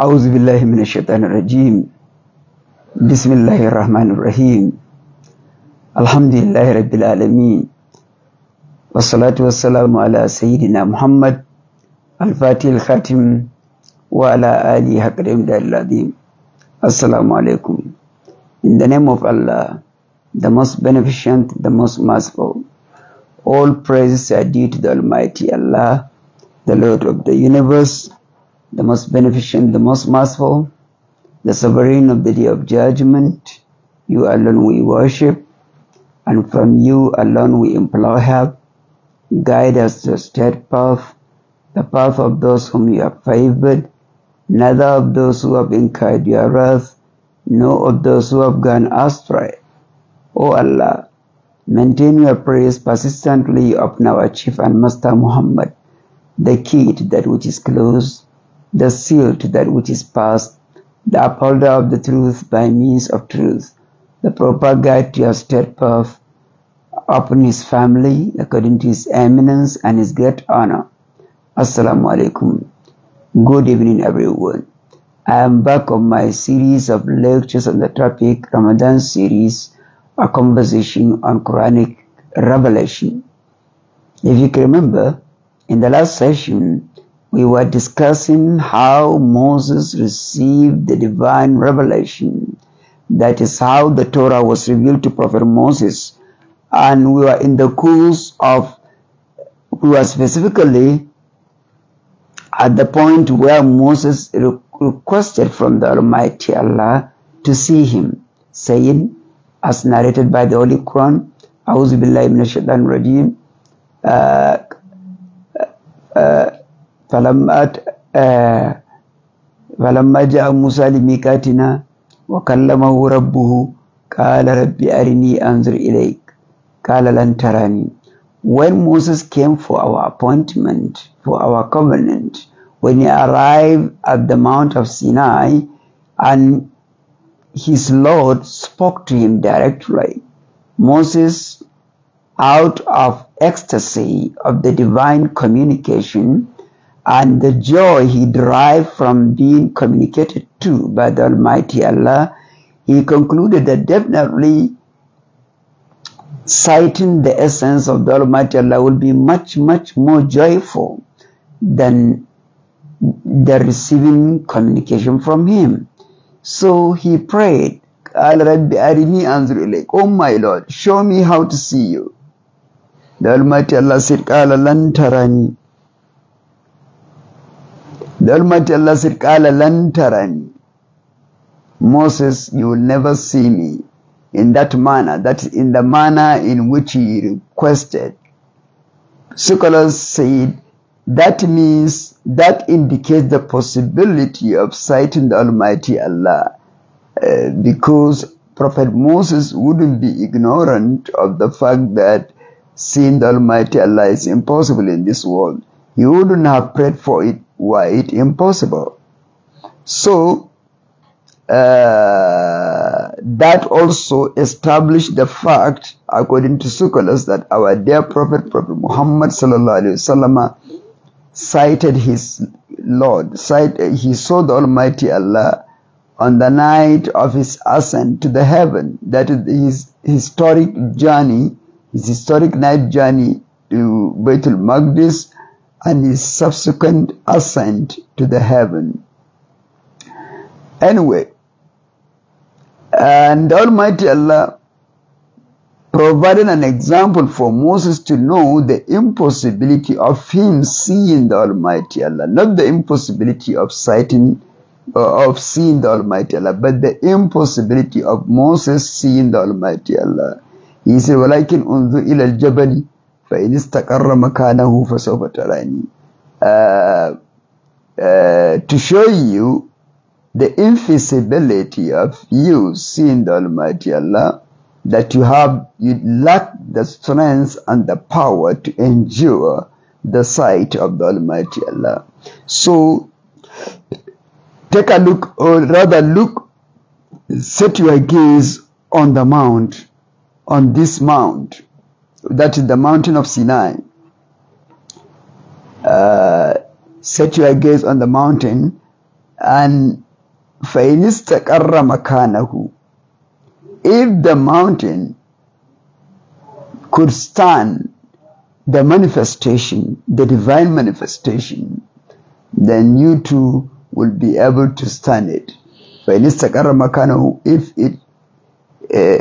أعوذ بالله من الشيطان الرجيم بسم الله الرحمن الرحيم الحمد لله رب العالمين والصلاة والسلام على سيدنا محمد الفاتح الخاتم وعلى آله حق العظيم Assalamu alaikum. In the name of Allah, the most beneficent, the most merciful, all praises are due to the Almighty Allah, the Lord of the universe. the most beneficent, the most merciful, the sovereign of the day of judgment. You alone we worship, and from you alone we implore help. Guide us to a straight path, the path of those whom you have favored, neither of those who have incurred your wrath, nor of those who have gone astray. O Allah, maintain your praise persistently upon our chief and master Muhammad, the key to that which is closed the seal to that which is past, the upholder of the truth by means of truth, the proper guide to your straight path, upon his family according to his eminence and his great honor. Assalamu alaikum. Good evening, everyone. I am back on my series of lectures on the topic Ramadan series, a conversation on Quranic revelation. If you can remember, in the last session, we were discussing how Moses received the divine revelation. That is how the Torah was revealed to Prophet Moses. And we were in the course of, we were specifically at the point where Moses requested from the Almighty Allah to see him, saying, as narrated by the Holy Quran, A'udhu Billahi Minash Shaitan Rajim, uh, uh, فلما جاء موسى لميقاتنا وكلمه ربه قال ربي أرني أنظر إليك قال لن تراني When Moses came for our appointment, for our covenant, when he arrived at the Mount of Sinai and his Lord spoke to him directly, Moses, out of ecstasy of the divine communication, and the joy he derived from being communicated to by the Almighty Allah, he concluded that definitely citing the essence of the Almighty Allah will be much, much more joyful than the receiving communication from him. So he prayed, Al Rabbi Arini Anzulek, Oh my Lord, show me how to see you. The Almighty Allah said, the Almighty Allah said, Kala lantarani. Moses, you will never see me in that manner, that in the manner in which he requested. Scholars said that means that indicates the possibility of in the Almighty Allah uh, because Prophet Moses wouldn't be ignorant of the fact that seeing the Almighty Allah is impossible in this world. He wouldn't have prayed for it it impossible. So, uh, that also established the fact, according to scholars, that our dear Prophet, Prophet Muhammad wasallam, cited his Lord, cited, he saw the Almighty Allah on the night of his ascent to the heaven, that is his historic journey, his historic night journey to Baitul Maqdis and his subsequent ascent to the heaven. Anyway, and Almighty Allah provided an example for Moses to know the impossibility of him seeing the Almighty Allah, not the impossibility of sighting uh, of seeing the Almighty Allah, but the impossibility of Moses seeing the Almighty Allah. He said, وَلَكِنْ أُنْظُرْ إِلَى الْجَبَلِ فإن استقر مكانه فسوف تراني uh, uh, to show you the invisibility of you seeing the Almighty Allah that you have you lack the strength and the power to endure the sight of the Almighty Allah. So take a look or rather look set your gaze on the mount on this mount that is the mountain of Sinai. Uh, set your gaze on the mountain and hu. If the mountain could stand the manifestation, the divine manifestation, then you too will be able to stand it. If it uh,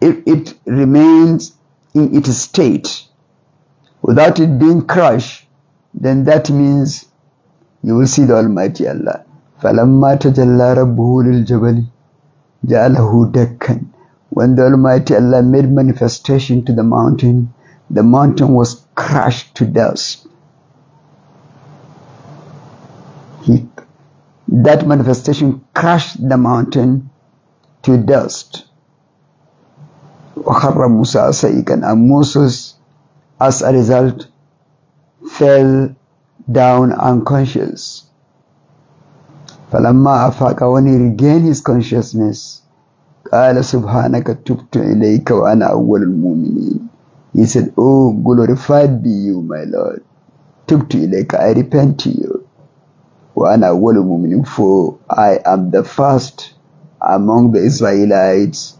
if it remains in its state without it being crushed, then that means you will see the Almighty Allah. فَلَمَّا تَجَلَّى رَبُّهُ لِلْجَبَلِ جَعَلَهُ دَكًّا When the Almighty Allah made manifestation to the mountain, the mountain was crushed to dust. He, that manifestation crushed the mountain to dust. وخر Musa صعيقا and Moses as a result fell down unconscious فلما أفاق when he regained his consciousness قال سبحانك wa إليك وأنا أول المؤمنين he said oh glorified be you my lord تبت إليك I repent to you وأنا أول المؤمنين for I am the first among the Israelites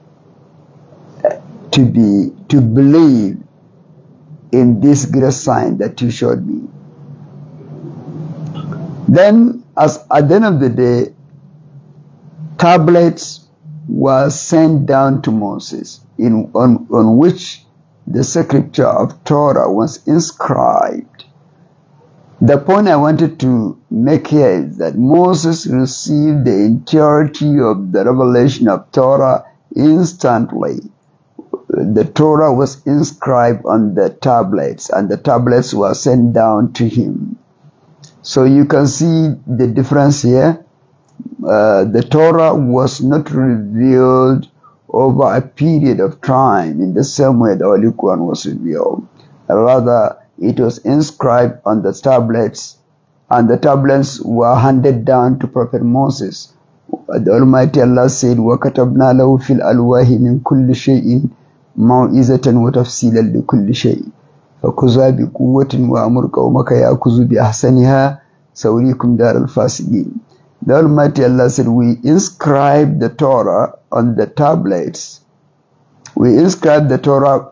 to be to believe in this great sign that you showed me. Then, as at the end of the day, tablets were sent down to Moses, in on, on which the scripture of Torah was inscribed. The point I wanted to make here is that Moses received the entirety of the revelation of Torah instantly the Torah was inscribed on the tablets, and the tablets were sent down to him. So you can see the difference here. Uh, the Torah was not revealed over a period of time in the same way the Holy Quran was revealed. Rather, it was inscribed on the tablets, and the tablets were handed down to Prophet Moses. The Almighty Allah said, وَكَتَبْنَا لَهُ فِي الْأَلْوَاهِ مِنْ كُلِّ شَيْءٍ موعظة وتفصيلا لكل شيء فخذها بقوة وأمر قومك يأخذوا بأحسنها سأريكم دار الفاسقين The Almighty Allah said, We inscribe the Torah on the tablets. We inscribe the Torah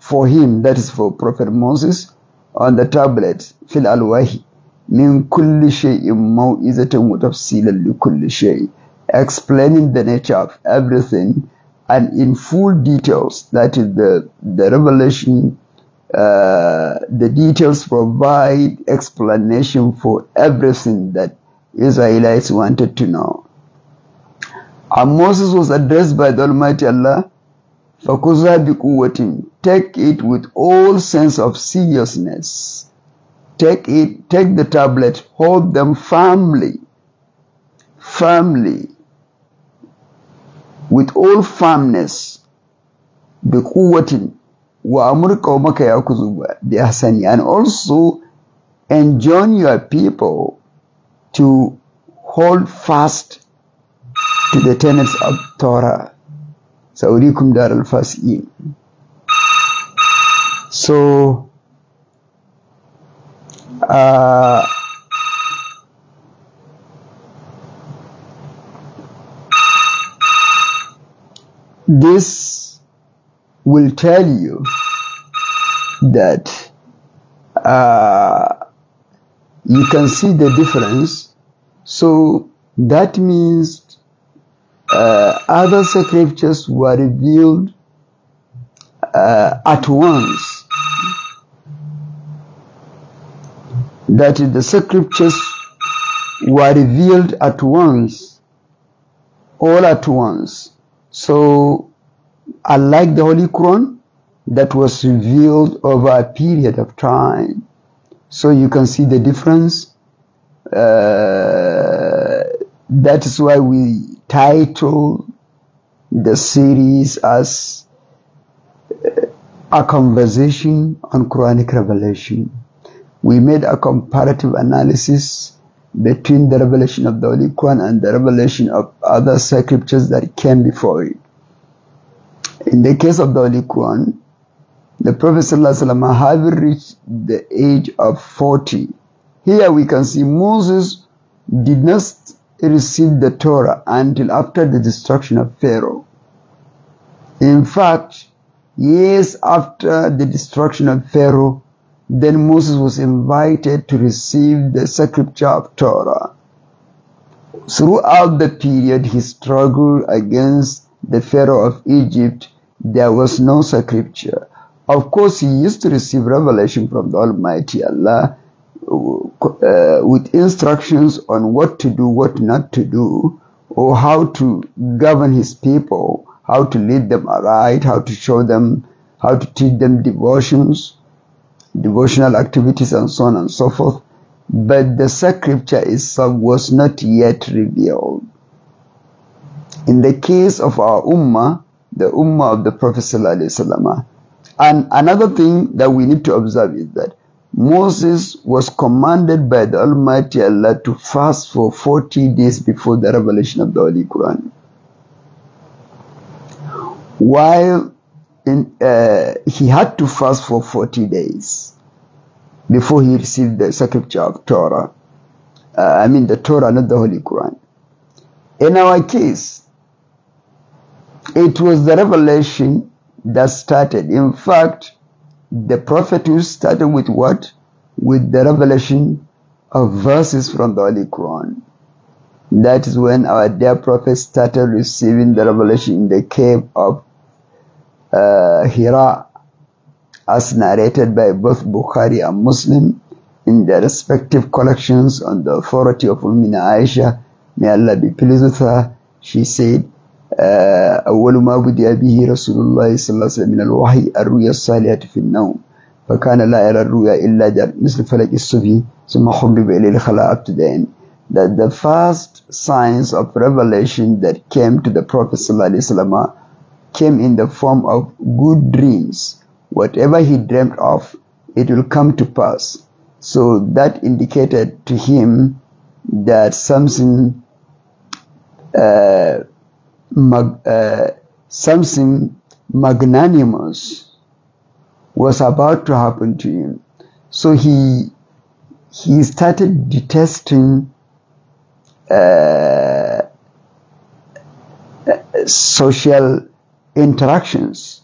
for him, that is for Prophet Moses, on the tablets, fil alwahi, min kulli shay'in maw'izatan wa tafsilan li kulli shay, explaining the nature of everything and in full details. That is the, the revelation. Uh, the details provide explanation for everything that Israelites wanted to know. And Moses was addressed by the Almighty Allah, فَكُزَا بِقُوَّةٍ Take it with all sense of seriousness. Take it, take the tablet, hold them firmly, firmly with all firmness bi kuwatin wa amur qaumaka yakuzuba bi and also enjoin your people to hold fast to the tenets of Torah. Saurikum dar al fasiin So uh, this will tell you that uh, you can see the difference. So that means uh, other scriptures were revealed uh, at once. That is, the scriptures were revealed at once, all at once. So, unlike the Holy Quran, that was revealed over a period of time. So you can see the difference. Uh, that is why we title the series as uh, a conversation on Quranic revelation. We made a comparative analysis between the revelation of the Holy Quran and the revelation of other scriptures that came before it. In the case of the Holy Quran, the Prophet ﷺ having reached the age of 40. Here we can see Moses did not receive the Torah until after the destruction of Pharaoh. In fact, years after the destruction of Pharaoh, then Moses was invited to receive the scripture of Torah. Throughout the period he struggled against the Pharaoh of Egypt, there was no scripture. Of course, he used to receive revelation from the Almighty Allah uh, with instructions on what to do, what not to do, or how to govern his people, how to lead them aright, how to show them, how to teach them devotions devotional activities, and so on and so forth. But the scripture itself was not yet revealed. In the case of our ummah, the ummah of the Prophet and another thing that we need to observe is that Moses was commanded by the Almighty Allah to fast for 40 days before the revelation of the Holy Quran. While in, uh, he had to fast for 40 days before he received the scripture of Torah. Uh, I mean, the Torah, not the Holy Quran. In our case, it was the revelation that started. In fact, the prophet who started with what? With the revelation of verses from the Holy Quran. That is when our dear prophet started receiving the revelation in the cave of uh, Hira as narrated by both Bukhari and Muslim in their respective collections on the authority of Ummina Aisha, may Allah be pleased with her, she said, أول ما بدأ به رسول الله صلى الله عليه وسلم من الوحي الرؤيا الصالحة في النوم فكان لا يرى الرؤيا إلا مثل فلك الصبح ثم حبب إليه الخلاء up to the end that the first signs of revelation that came to the Prophet صلى الله عليه وسلم came in the form of good dreams. Whatever he dreamt of, it will come to pass. So that indicated to him that something, uh, mag, uh, something magnanimous was about to happen to him. So he he started detesting uh, social interactions.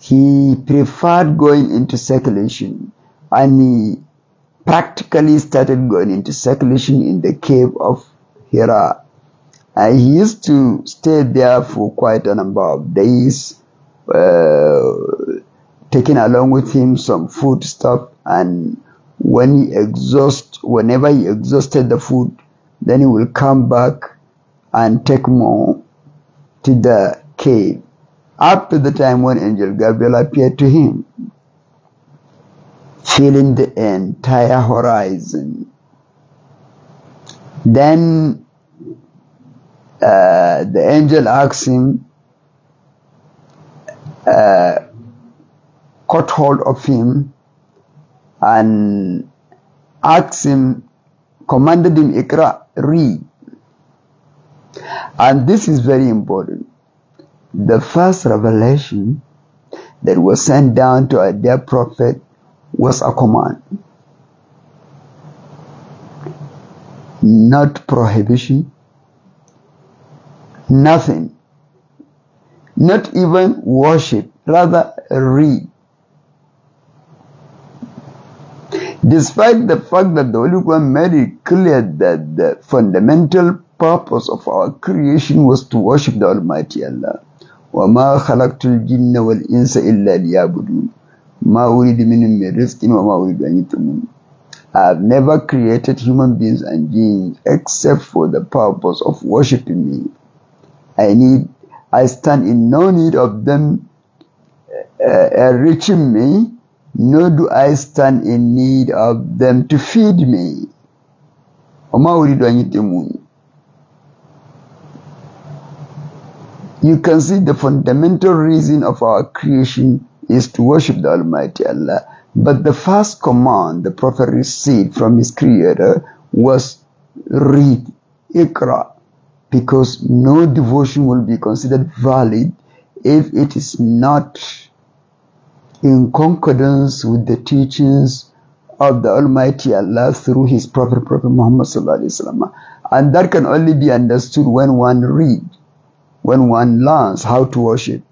He preferred going into circulation and he practically started going into circulation in the cave of Hira. And he used to stay there for quite a number of days, uh, taking along with him some food stuff. And when he exhaust, whenever he exhausted the food, then he will come back and take more to the cave up to the time when Angel Gabriel appeared to him, filling the entire horizon. Then uh, the angel asked him, uh, caught hold of him, and asked him, commanded him, Ikra, read. And this is very important. The first revelation that was sent down to a dead prophet was a command, not prohibition, nothing, not even worship, rather read. Despite the fact that the Holy Quran made it clear that the fundamental purpose of our creation was to worship the Almighty Allah. I have never created human beings and beings except for the purpose of worshipping me. I need, I stand in no need of them uh, uh, enriching me, nor do I stand in need of them to feed me. you can see the fundamental reason of our creation is to worship the Almighty Allah. But the first command the Prophet received from his Creator was read, ikra, because no devotion will be considered valid if it is not in concordance with the teachings of the Almighty Allah through His Prophet, Prophet Muhammad. And that can only be understood when one reads when one learns how to worship.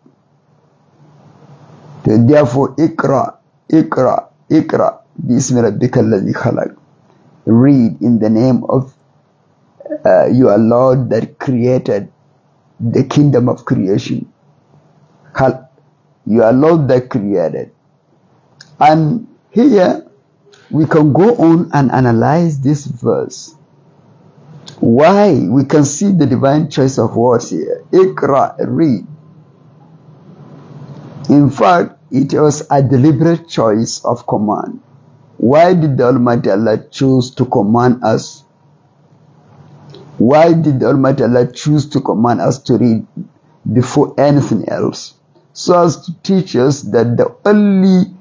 Therefore, ikra, ikra, ikra, Bismillah, rabbika khalaq. Read in the name of uh, your Lord that created the kingdom of creation. Your Lord that created. And here we can go on and analyze this verse why? We can see the divine choice of words here. Ikra, read. In fact, it was a deliberate choice of command. Why did the Almighty Allah choose to command us? Why did the Almighty Allah choose to command us to read before anything else? So as to teach us that the only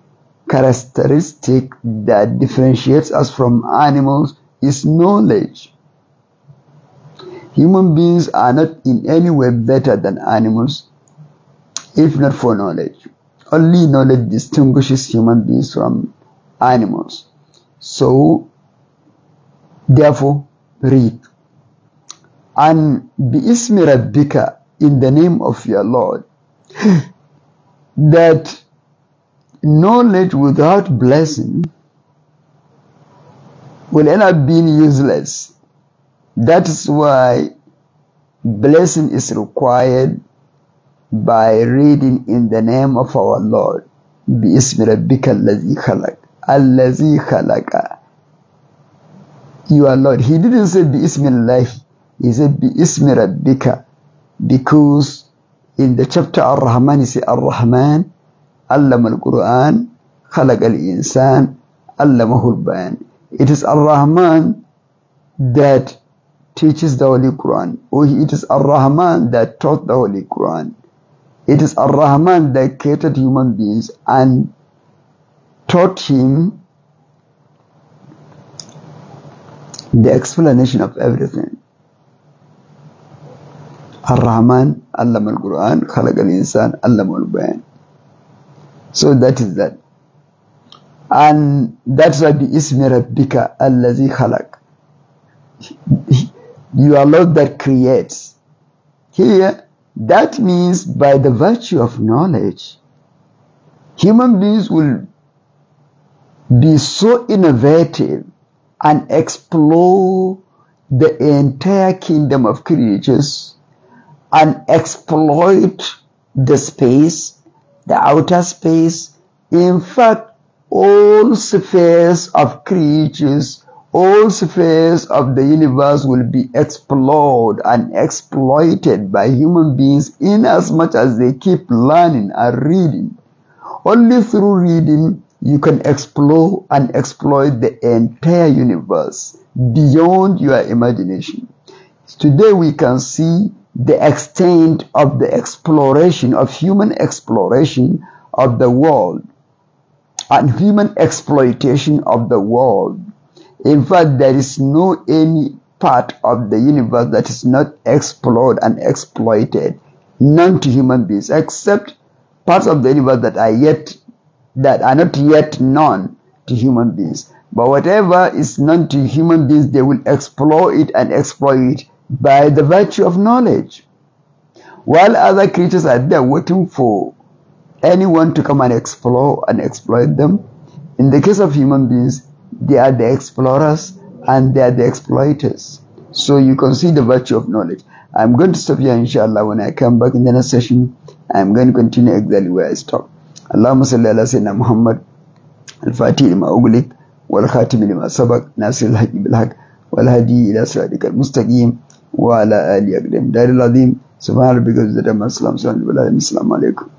characteristic that differentiates us from animals is knowledge. Human beings are not in any way better than animals, if not for knowledge. Only knowledge distinguishes human beings from animals. So, therefore, read. And bi'ismi rabbika, in the name of your Lord, that knowledge without blessing will end up being useless that is why blessing is required by reading in the name of our Lord. بِاسْمِ رَبِّكَ الَّذِي خَلَقَ الَّذِي خَلَقَ Your Lord. He didn't say بِاسْمِ اللَّهِ. He said بِاسْمِ رَبِّكَ Because in the chapter Ar-Rahman, he said Ar-Rahman, علم القرآن, خلق الإنسان, علمه البيان. It is Ar-Rahman that teaches the Holy Quran, Oh, it is Ar-Rahman that taught the Holy Quran. It is Ar-Rahman that created human beings and taught him the explanation of everything. Ar-Rahman, Allah al-Quran, Khalaq al-Insan, Allah al-Bayan. So that is that. And that's why the ismi rabbika allazi khalaq. You are Lord that creates. Here, that means by the virtue of knowledge, human beings will be so innovative and explore the entire kingdom of creatures and exploit the space, the outer space, in fact, all spheres of creatures all spheres of the universe will be explored and exploited by human beings in as much as they keep learning and reading. Only through reading you can explore and exploit the entire universe beyond your imagination. Today we can see the extent of the exploration of human exploration of the world and human exploitation of the world in fact, there is no any part of the universe that is not explored and exploited, known to human beings, except parts of the universe that are yet that are not yet known to human beings. But whatever is known to human beings, they will explore it and exploit it by the virtue of knowledge. While other creatures are there waiting for anyone to come and explore and exploit them, in the case of human beings, they are the explorers and they are the exploiters. So you can see the virtue of knowledge. I'm going to stop here inshallah when I come back in the next session. I'm going to continue exactly where I stopped. اللهم صل على سيدنا محمد الفاتح لما أغلق والخاتم لما سبق ناصر الحق بالحق والهدي إلى صراطك المستقيم وعلى آل أقدام دار العظيم سبحان ربك وزد ما السلام عليكم